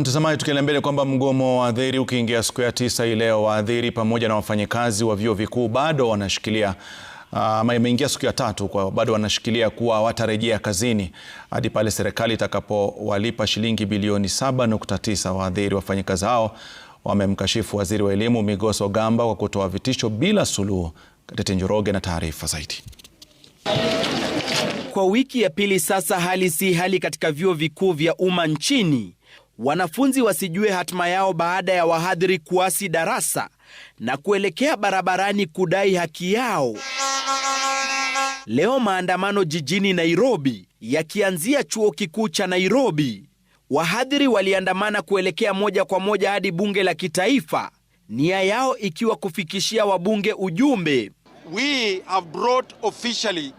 Mtazamaji, tukiendelea mbele kwamba mgomo wa waadhiri ukiingia siku ya tisa hii leo, waadhiri pamoja na wafanyikazi wa vyuo vikuu bado wanashikilia ama, ah, imeingia siku ya tatu kwa bado wanashikilia kuwa hawatarejea kazini hadi pale serikali itakapowalipa shilingi bilioni 7.9. Waadhiri wafanyikazi hao wamemkashifu waziri wa elimu Migos Ogamba kwa kutoa vitisho bila suluhu. Katete Njoroge na taarifa zaidi. Kwa wiki ya pili sasa, hali si hali katika vyuo vikuu vya umma nchini wanafunzi wasijue hatima yao baada ya wahadhiri kuasi darasa na kuelekea barabarani kudai haki yao. Leo maandamano jijini Nairobi yakianzia chuo kikuu cha Nairobi. Wahadhiri waliandamana kuelekea moja kwa moja hadi bunge la kitaifa, nia yao ikiwa kufikishia wabunge ujumbe. We have brought officially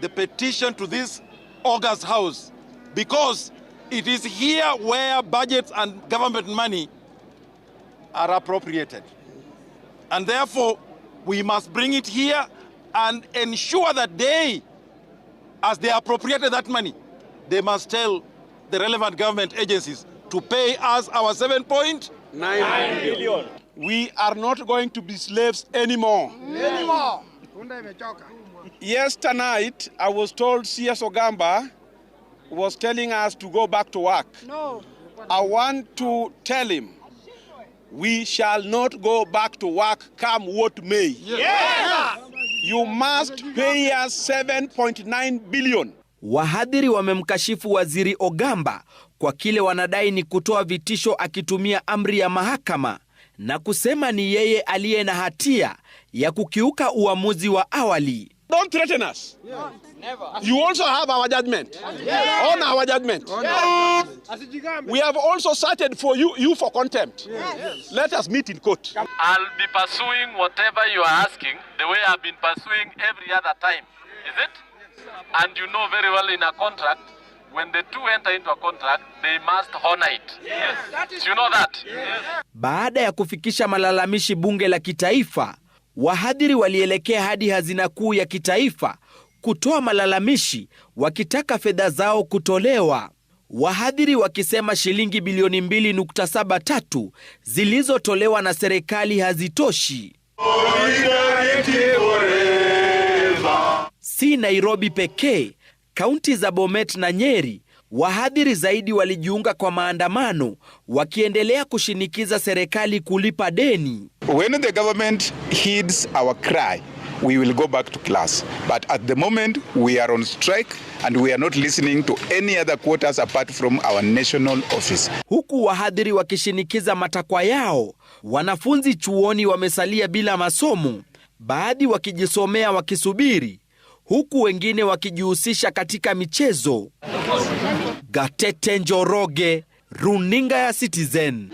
the petition to this August house because It is here where budgets and government money are appropriated. And therefore, we must bring it here and ensure that they, as they appropriated that money, they must tell the relevant government agencies to pay us our 7.9 billion. We are not going to be slaves anymore. Anymore. Yes. Yesternight, I was told C.S. Ogamba was telling us to go back to work. No. I want to tell him we shall not go back to work come what may. Yes. You must pay us 7.9 billion. Wahadhiri wamemkashifu Waziri Ogamba kwa kile wanadai ni kutoa vitisho akitumia amri ya mahakama na kusema ni yeye aliye na hatia ya kukiuka uamuzi wa awali. Don't threaten us. Yeah. Never. You also have our judgment. Yeah. Yeah. On our judgment. Yeah. We have also cited for you, you for contempt. Yeah. Yes. Let us meet in court. I'll be pursuing whatever you are asking the way I've been pursuing every other time. Is it? And you know very well in a contract, when the two enter into a contract, they must honor it. Yes. Yes. Do You know that? Yes. Baada ya kufikisha malalamishi bunge la kitaifa, wahadhiri walielekea hadi hazina kuu ya kitaifa kutoa malalamishi wakitaka fedha zao kutolewa, wahadhiri wakisema shilingi bilioni 2.73 zilizotolewa na serikali hazitoshi. Si Nairobi pekee, kaunti za Bomet na Nyeri wahadhiri zaidi walijiunga kwa maandamano wakiendelea kushinikiza serikali kulipa deni. When the government heeds our cry we will go back to class. But at the moment, we are on strike and we are not listening to any other quarters apart from our national office. Huku wahadhiri wakishinikiza matakwa yao, wanafunzi chuoni wamesalia bila masomo, baadhi wakijisomea wakisubiri, huku wengine wakijihusisha katika michezo. Gatete Njoroge, Runinga ya Citizen.